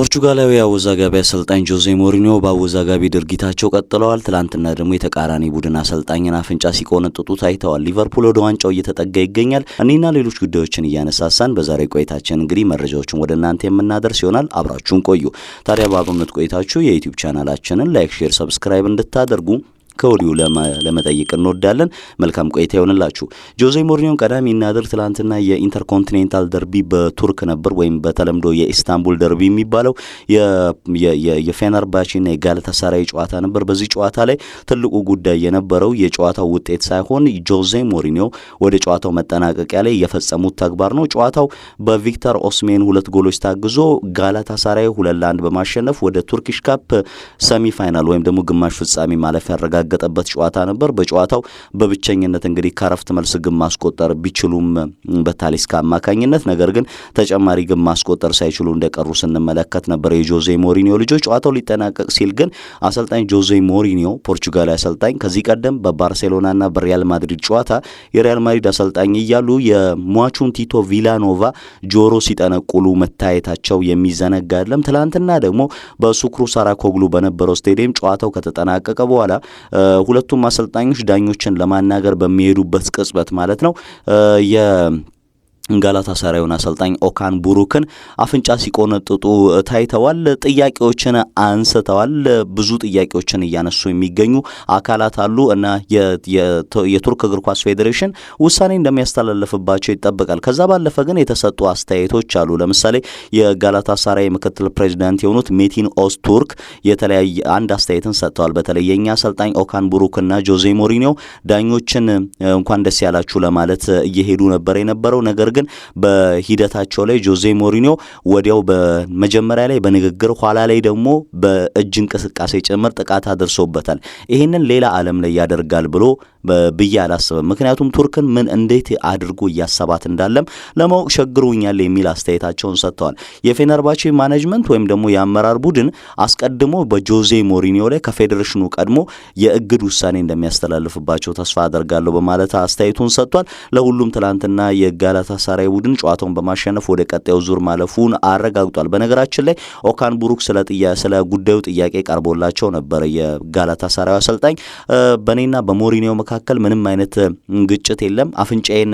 ፖርቹጋላዊ አወዛጋቢ አሰልጣኝ ጆዜ ሞሪኒዮ በአወዛጋቢ ድርጊታቸው ቀጥለዋል። ትላንትና ደግሞ የተቃራኒ ቡድን አሰልጣኝን አፍንጫ ሲቆነጥጡ ታይተዋል። ሊቨርፑል ወደ ዋንጫው እየተጠጋ ይገኛል። እኔና ሌሎች ጉዳዮችን እያነሳሳን በዛሬ ቆይታችን እንግዲህ መረጃዎችን ወደ እናንተ የምናደርስ ይሆናል። አብራችሁን ቆዩ። ታዲያ በአብሮነት ቆይታችሁ የዩቲዩብ ቻናላችንን ላይክ፣ ሼር፣ ሰብስክራይብ እንድታደርጉ ከወዲሁ ለመጠይቅ እንወዳለን። መልካም ቆይታ ይሆንላችሁ። ጆዜ ሞሪኞን ቀዳሚ እናድር። ትላንትና የኢንተርኮንቲኔንታል ደርቢ በቱርክ ነበር፣ ወይም በተለምዶ የኢስታንቡል ደርቢ የሚባለው የፌነርባቼና የጋላታሳራይ ጨዋታ ነበር። በዚህ ጨዋታ ላይ ትልቁ ጉዳይ የነበረው የጨዋታው ውጤት ሳይሆን ጆዜ ሞሪኒዮ ወደ ጨዋታው መጠናቀቂያ ላይ የፈጸሙት ተግባር ነው። ጨዋታው በቪክተር ኦስሜን ሁለት ጎሎች ታግዞ ጋላታሳራይ ሁለት ለአንድ በማሸነፍ ወደ ቱርኪሽ ካፕ ሰሚፋይናል ወይም ደግሞ ግማሽ ፍጻሜ ማለፍ ያረጋግጣል የተረጋገጠበት ጨዋታ ነበር። በጨዋታው በብቸኝነት እንግዲህ ከረፍት መልስ ግን ማስቆጠር ቢችሉም በታሊስካ አማካኝነት ነገር ግን ተጨማሪ ግን ማስቆጠር ሳይችሉ እንደቀሩ ስንመለከት ነበር የጆዜ ሞሪኒዮ ልጆች። ጨዋታው ሊጠናቀቅ ሲል ግን አሰልጣኝ ጆዜ ሞሪኒዮ ፖርቹጋላዊ አሰልጣኝ ከዚህ ቀደም በባርሴሎናና በሪያል ማድሪድ ጨዋታ የሪያል ማድሪድ አሰልጣኝ እያሉ የሟቹን ቲቶ ቪላኖቫ ጆሮ ሲጠነቁሉ መታየታቸው የሚዘነጋ አይደለም። ትላንትና ደግሞ በሱክሩ ሳራኮግሉ በነበረው ስቴዲየም ጨዋታው ከተጠናቀቀ በኋላ ሁለቱም አሰልጣኞች ዳኞችን ለማናገር በሚሄዱበት ቅጽበት ማለት ነው የ ጋላታ ሳራዩን አሰልጣኝ ኦካን ቡሩክን አፍንጫ ሲቆነጥጡ ታይተዋል። ጥያቄዎችን አንስተዋል። ብዙ ጥያቄዎችን እያነሱ የሚገኙ አካላት አሉ እና የቱርክ እግር ኳስ ፌዴሬሽን ውሳኔ እንደሚያስተላለፍባቸው ይጠበቃል። ከዛ ባለፈ ግን የተሰጡ አስተያየቶች አሉ። ለምሳሌ የጋላታ ሳራይ ምክትል ፕሬዚዳንት የሆኑት ሜቲን ኦስቱርክ የተለያየ አንድ አስተያየትን ሰጥተዋል። በተለይ የእኛ አሰልጣኝ ኦካን ቡሩክና ጆዜ ሞሪኒዮ ዳኞችን እንኳን ደስ ያላችሁ ለማለት እየሄዱ ነበር የነበረው ነገር ግን ግን በሂደታቸው ላይ ጆዜ ሞሪኒዮ ወዲያው በመጀመሪያ ላይ በንግግር ኋላ ላይ ደግሞ በእጅ እንቅስቃሴ ጭምር ጥቃት አድርሶበታል። ይህንን ሌላ ዓለም ላይ ያደርጋል ብሎ ብዬ አላስብም። ምክንያቱም ቱርክን ምን እንዴት አድርጎ እያሰባት እንዳለም ለማወቅ ቸግሮኛል የሚል አስተያየታቸውን ሰጥተዋል። የፌነርባቼ ማኔጅመንት ወይም ደግሞ የአመራር ቡድን አስቀድሞ በጆዜ ሞሪኒዮ ላይ ከፌዴሬሽኑ ቀድሞ የእግድ ውሳኔ እንደሚያስተላልፍባቸው ተስፋ አደርጋለሁ በማለት አስተያየቱን ሰጥቷል። ለሁሉም ትናንትና የጋላታ ቡድን ጨዋታውን በማሸነፍ ወደ ቀጣዩ ዙር ማለፉን አረጋግጧል። በነገራችን ላይ ኦካን ቡሩክ ስለ ጉዳዩ ጥያቄ ቀርቦላቸው ነበረ። የጋላታ አሰልጣኝ በእኔና በሞሪኒዮ መካከል ምንም አይነት ግጭት የለም። አፍንጫዬን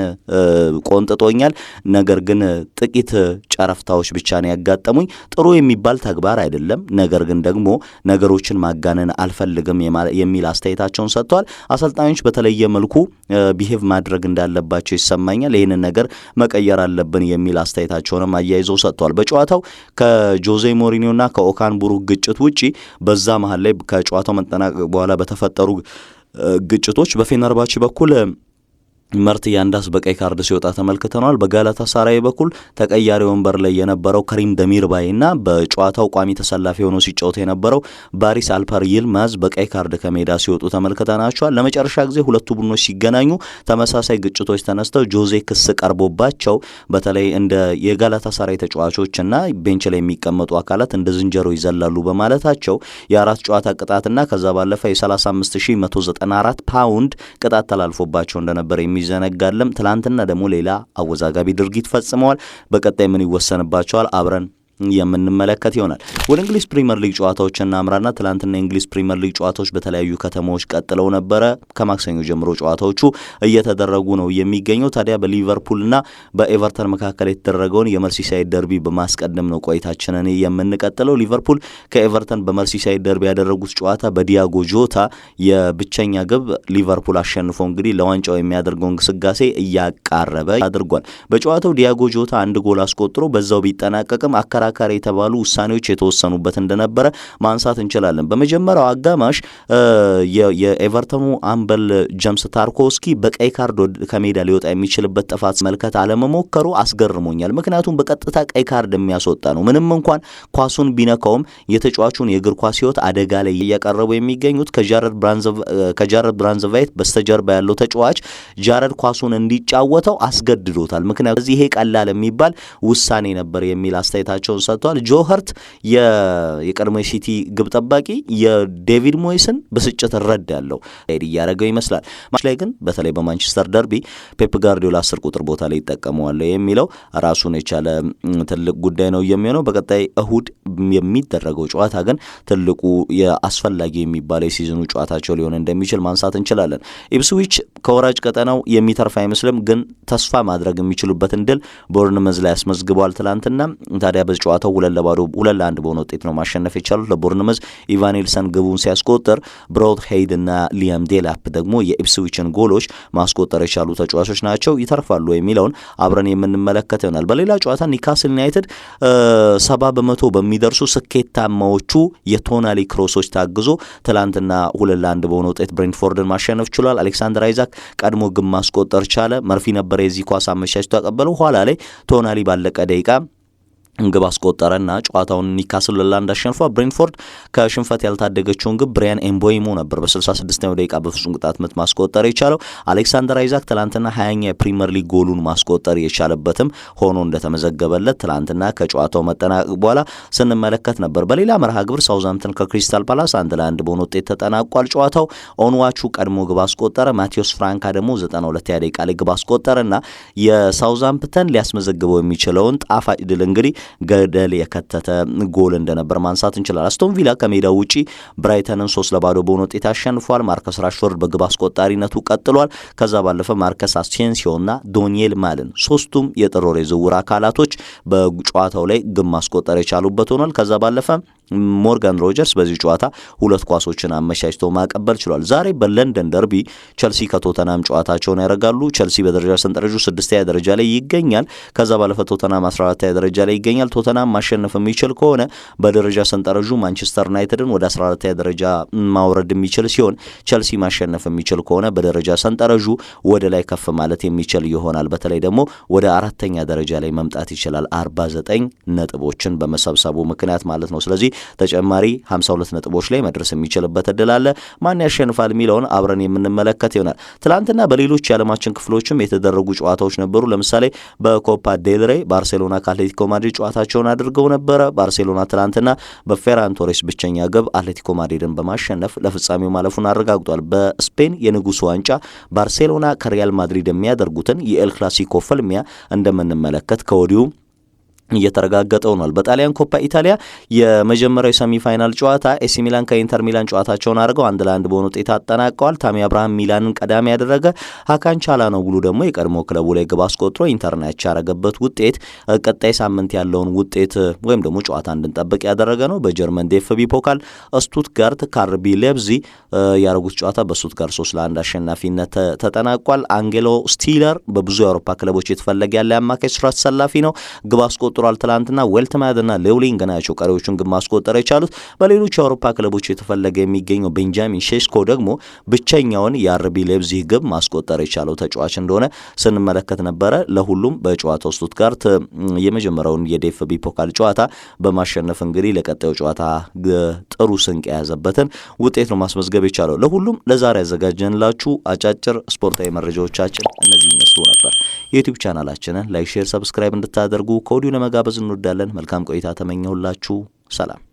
ቆንጥጦኛል። ነገር ግን ጥቂት ጨረፍታዎች ብቻ ነው ያጋጠሙኝ። ጥሩ የሚባል ተግባር አይደለም። ነገር ግን ደግሞ ነገሮችን ማጋነን አልፈልግም የሚል አስተያየታቸውን ሰጥተዋል። አሰልጣኞች በተለየ መልኩ ቢሄቭ ማድረግ እንዳለባቸው ይሰማኛል። ይህንን ነገር መቀየር አለብን የሚል አስተያየታቸውንም አያይዘው ሰጥተዋል። በጨዋታው ከጆዜ ሞሪኒዮና ከኦካን ቡሩክ ግጭት ውጪ በዛ መሀል ላይ ከጨዋታው መጠናቀቅ በኋላ በተፈጠሩ ግጭቶች በፌነርባቺ በኩል መርትያ እንዳስ በቀይ ካርድ ሲወጣ ተመልክተነዋል። በጋላታ ሳራይ በኩል ተቀያሪ ወንበር ላይ የነበረው ከሪም ደሚርባይና በጨዋታው ቋሚ ተሰላፊ ሆኖ ሲጫወት የነበረው ባሪስ አልፐር ይልማዝ በቀይ ካርድ ከሜዳ ሲወጡ ተመልክተናቸዋል። ለመጨረሻ ጊዜ ሁለቱ ቡድኖች ሲገናኙ ተመሳሳይ ግጭቶች ተነስተው ጆዜ ክስ ቀርቦባቸው በተለይ እንደ የጋላታ ሳራይ ተጫዋቾችና ቤንች ላይ የሚቀመጡ አካላት እንደ ዝንጀሮ ይዘላሉ በማለታቸው የአራት ጨዋታ ቅጣትና ከዛ ባለፈ የ35194 ፓውንድ ቅጣት ተላልፎባቸው እንደነበረ የሚዘነጋ አይደለም። ትላንትና ደግሞ ሌላ አወዛጋቢ ድርጊት ፈጽመዋል። በቀጣይ ምን ይወሰንባቸዋል? አብረን የምንመለከት ይሆናል። ወደ እንግሊዝ ፕሪምየር ሊግ ጨዋታዎች እናምራና ትላንትና የእንግሊዝ ፕሪምየር ሊግ ጨዋታዎች በተለያዩ ከተሞች ቀጥለው ነበረ። ከማክሰኞ ጀምሮ ጨዋታዎቹ እየተደረጉ ነው የሚገኘው። ታዲያ በሊቨርፑልና በኤቨርተን መካከል የተደረገውን የመርሲሳይድ ደርቢ በማስቀደም ነው ቆይታችንን የምንቀጥለው። ሊቨርፑል ከኤቨርተን በመርሲሳይድ ደርቢ ያደረጉት ጨዋታ በዲያጎ ጆታ የብቸኛ ግብ ሊቨርፑል አሸንፎ እንግዲህ ለዋንጫው የሚያደርገውን ግስጋሴ እያቃረበ አድርጓል። በጨዋታው ዲያጎ ጆታ አንድ ጎል አስቆጥሮ በዛው ቢጠናቀቅም አከራ ተከራካሪ የተባሉ ውሳኔዎች የተወሰኑበት እንደነበረ ማንሳት እንችላለን። በመጀመሪያው አጋማሽ የኤቨርተኑ አምበል ጀምስ ታርኮስኪ በቀይ ካርድ ከሜዳ ሊወጣ የሚችልበት ጥፋት መልከት አለመሞከሩ አስገርሞኛል። ምክንያቱም በቀጥታ ቀይ ካርድ የሚያስወጣ ነው። ምንም እንኳን ኳሱን ቢነካውም የተጫዋቹን የእግር ኳስ ሕይወት አደጋ ላይ እያቀረቡ የሚገኙት ከጃረድ ብራንዝቫይት በስተጀርባ ያለው ተጫዋች ጃረድ ኳሱን እንዲጫወተው አስገድዶታል። ምክንያቱም ይሄ ቀላል የሚባል ውሳኔ ነበር የሚል አስተያየታቸው ሀሳቡን ሰጥቷል። ጆ ሀርት የቀድሞ ሲቲ ግብ ጠባቂ የዴቪድ ሞይስን ብስጭት ረድ ያለው ሄድ እያደረገው ይመስላል። ማች ላይ ግን በተለይ በማንቸስተር ደርቢ ፔፕ ጋርዲዮላ አስር ቁጥር ቦታ ላይ ይጠቀመዋል የሚለው ራሱን የቻለ ትልቅ ጉዳይ ነው የሚሆነው። በቀጣይ እሁድ የሚደረገው ጨዋታ ግን ትልቁ አስፈላጊ የሚባለው የሲዝኑ ጨዋታቸው ሊሆን እንደሚችል ማንሳት እንችላለን። ኢፕስዊች ከወራጅ ቀጠናው የሚተርፍ አይመስልም፣ ግን ተስፋ ማድረግ የሚችሉበትን ድል ቦርንመዝ ላይ አስመዝግበዋል ትላንትና ታዲያ በጨዋታው ሁለት ለባዶ ሁለት ለአንድ በሆነ ውጤት ነው ማሸነፍ የቻሉት። ለቦርንመዝ ኢቫን ግቡን ሲያስቆጥር ብሮድ ሄይድ እና ሊያም ዴላፕ ደግሞ የኢፕስዊችን ጎሎች ማስቆጠር የቻሉ ተጫዋቾች ናቸው። ይተርፋሉ የሚለውን አብረን የምንመለከት ይሆናል። በሌላ ጨዋታ ኒካስል ዩናይትድ ሰባ በመቶ በሚደርሱ ስኬታማዎቹ የቶናሊ ክሮሶች ታግዞ ትላንትና ሁለት ለአንድ በሆነ ውጤት ብሬንትፎርድን ማሸነፍ ችሏል። አሌክሳንደር አይዛክ ቀድሞ ግብ ማስቆጠር ቻለ። መርፊ ነበር የዚህ ኳስ አመቻችቶ ያቀበለው ኋላ ላይ ቶናሊ ባለቀ ደቂቃ ግብ አስቆጠረና ጨዋታውን ኒካስል ለላንድ አሸንፏ። ብሬንፎርድ ከሽንፈት ያልታደገችውን ግብ ብሪያን ኤምቦይሞ ነበር በ66ኛው ደቂቃ በፍጹም ቅጣት ምት ማስቆጠር የቻለው። አሌክሳንደር አይዛክ ትላንትና ሀያኛ የፕሪምየር ሊግ ጎሉን ማስቆጠር የቻለበትም ሆኖ እንደተመዘገበለት ትላንትና ከጨዋታው መጠናቀቅ በኋላ ስንመለከት ነበር። በሌላ መርሃ ግብር ሳውዛምፕተን ከክሪስታል ፓላስ አንድ ለአንድ በሆነ ውጤት ተጠናቋል። ጨዋታው ኦንዋቹ ቀድሞ ግብ አስቆጠረ። ማቴዎስ ፍራንካ ደግሞ 92ኛ ደቂቃ ላይ ግብ አስቆጠረና የሳውዛምፕተን ሊያስመዘግበው የሚችለውን ጣፋጭ ድል እንግዲህ ገደል የከተተ ጎል እንደነበር ማንሳት እንችላል። አስቶን ቪላ ከሜዳው ውጪ ብራይተንን ሶስት ለባዶ በሆነ ውጤት አሸንፏል። ማርከስ ራሽፎርድ በግብ አስቆጣሪነቱ ቀጥሏል። ከዛ ባለፈ ማርከስ አሴንሲዮና ዶኒኤል ማልን ሶስቱም የጥሮር የዝውውር አካላቶች በጨዋታው ላይ ግብ ማስቆጠር የቻሉበት ሆኗል። ከዛ ባለፈ ሞርጋን ሮጀርስ በዚህ ጨዋታ ሁለት ኳሶችን አመቻችቶ ማቀበል ችሏል። ዛሬ በለንደን ደርቢ ቸልሲ ከቶተናም ጨዋታቸውን ያደርጋሉ። ቸልሲ በደረጃ ሰንጠረዡ ስድስተኛ ደረጃ ላይ ይገኛል። ከዛ ባለፈ ቶተናም 14ኛ ደረጃ ላይ ይገኛል። ቶተናም ማሸነፍ የሚችል ከሆነ በደረጃ ሰንጠረዡ ማንቸስተር ዩናይትድን ወደ 14 ደረጃ ማውረድ የሚችል ሲሆን ቸልሲ ማሸነፍ የሚችል ከሆነ በደረጃ ሰንጠረዡ ወደ ላይ ከፍ ማለት የሚችል ይሆናል። በተለይ ደግሞ ወደ አራተኛ ደረጃ ላይ መምጣት ይችላል ዘጠኝ ነጥቦችን በመሰብሰቡ ምክንያት ማለት ነው። ስለዚህ ተጨማሪ 52 ነጥቦች ላይ መድረስ የሚችልበት እድል አለ። ማን ያሸንፋል የሚለውን አብረን የምንመለከት ይሆናል። ትላንትና በሌሎች የዓለማችን ክፍሎችም የተደረጉ ጨዋታዎች ነበሩ። ለምሳሌ በኮፓ ዴልሬ ባርሴሎና ከአትሌቲኮ ማድሪድ ጨዋታቸውን አድርገው ነበረ። ባርሴሎና ትላንትና በፌራን ቶሬስ ብቸኛ ግብ አትሌቲኮ ማድሪድን በማሸነፍ ለፍጻሜው ማለፉን አረጋግጧል። በስፔን የንጉሱ ዋንጫ ባርሴሎና ከሪያል ማድሪድ የሚያደርጉትን የኤል ክላሲኮ ፍልሚያ እንደምንመለከት ከወዲሁ እየተረጋገጠ ሆኗል። በጣሊያን ኮፓ ኢታሊያ የመጀመሪያው ሰሚፋይናል ፋይናል ጨዋታ ኤሲ ሚላን ከኢንተር ሚላን ጨዋታቸውን አድርገው አንድ ለአንድ በሆነ ውጤት አጠናቀዋል። ታሚ አብርሃም ሚላንን ቀዳሚ ያደረገ፣ ሀካን ቻልሃኖግሉ ደግሞ የቀድሞ ክለቡ ላይ ግብ አስቆጥሮ ኢንተርን ያረገበት ውጤት ቀጣይ ሳምንት ያለውን ውጤት ወይም ደግሞ ጨዋታ እንድንጠብቅ ያደረገ ነው። በጀርመን ዴፍቢ ፖካል ስቱትጋርት ካርቢ ሌብዚ ያደረጉት ጨዋታ በስቱትጋርት ሶስት ለአንድ አሸናፊነት ተጠናቋል። አንጌሎ ስቲለር በብዙ የአውሮፓ ክለቦች የተፈለገ ያለ አማካይ ስራ ተሰላፊ ነው ግብ አስቆጥሯል። ትላንትና ዌልትማድና ሌውሊንግ ናቸው ቀሪዎቹን ግብ ማስቆጠር የቻሉት። በሌሎች የአውሮፓ ክለቦች የተፈለገ የሚገኘው ቤንጃሚን ሼሽኮ ደግሞ ብቸኛውን የአርቢ ሌብዚህ ግብ ማስቆጠር የቻለው ተጫዋች እንደሆነ ስንመለከት ነበረ። ለሁሉም በጨዋታው ስቱትጋርት የመጀመሪያውን የዴፍቢ ፖካል ጨዋታ በማሸነፍ እንግዲህ ለቀጣዩ ጨዋታ ጥሩ ስንቅ የያዘበትን ውጤት ነው ማስመዝገብ የቻለው። ለሁሉም ለዛሬ ያዘጋጀንላችሁ አጫጭር ስፖርታዊ መረጃዎቻችን እነዚህ ይመስሉ ነበር። የዩቲዩብ ቻናላችንን ላይክ፣ ሼር፣ ሰብስክራይብ እንድታደርጉ ከወዲሁ ለመጋበዝ እንወዳለን። መልካም ቆይታ ተመኘሁላችሁ። ሰላም።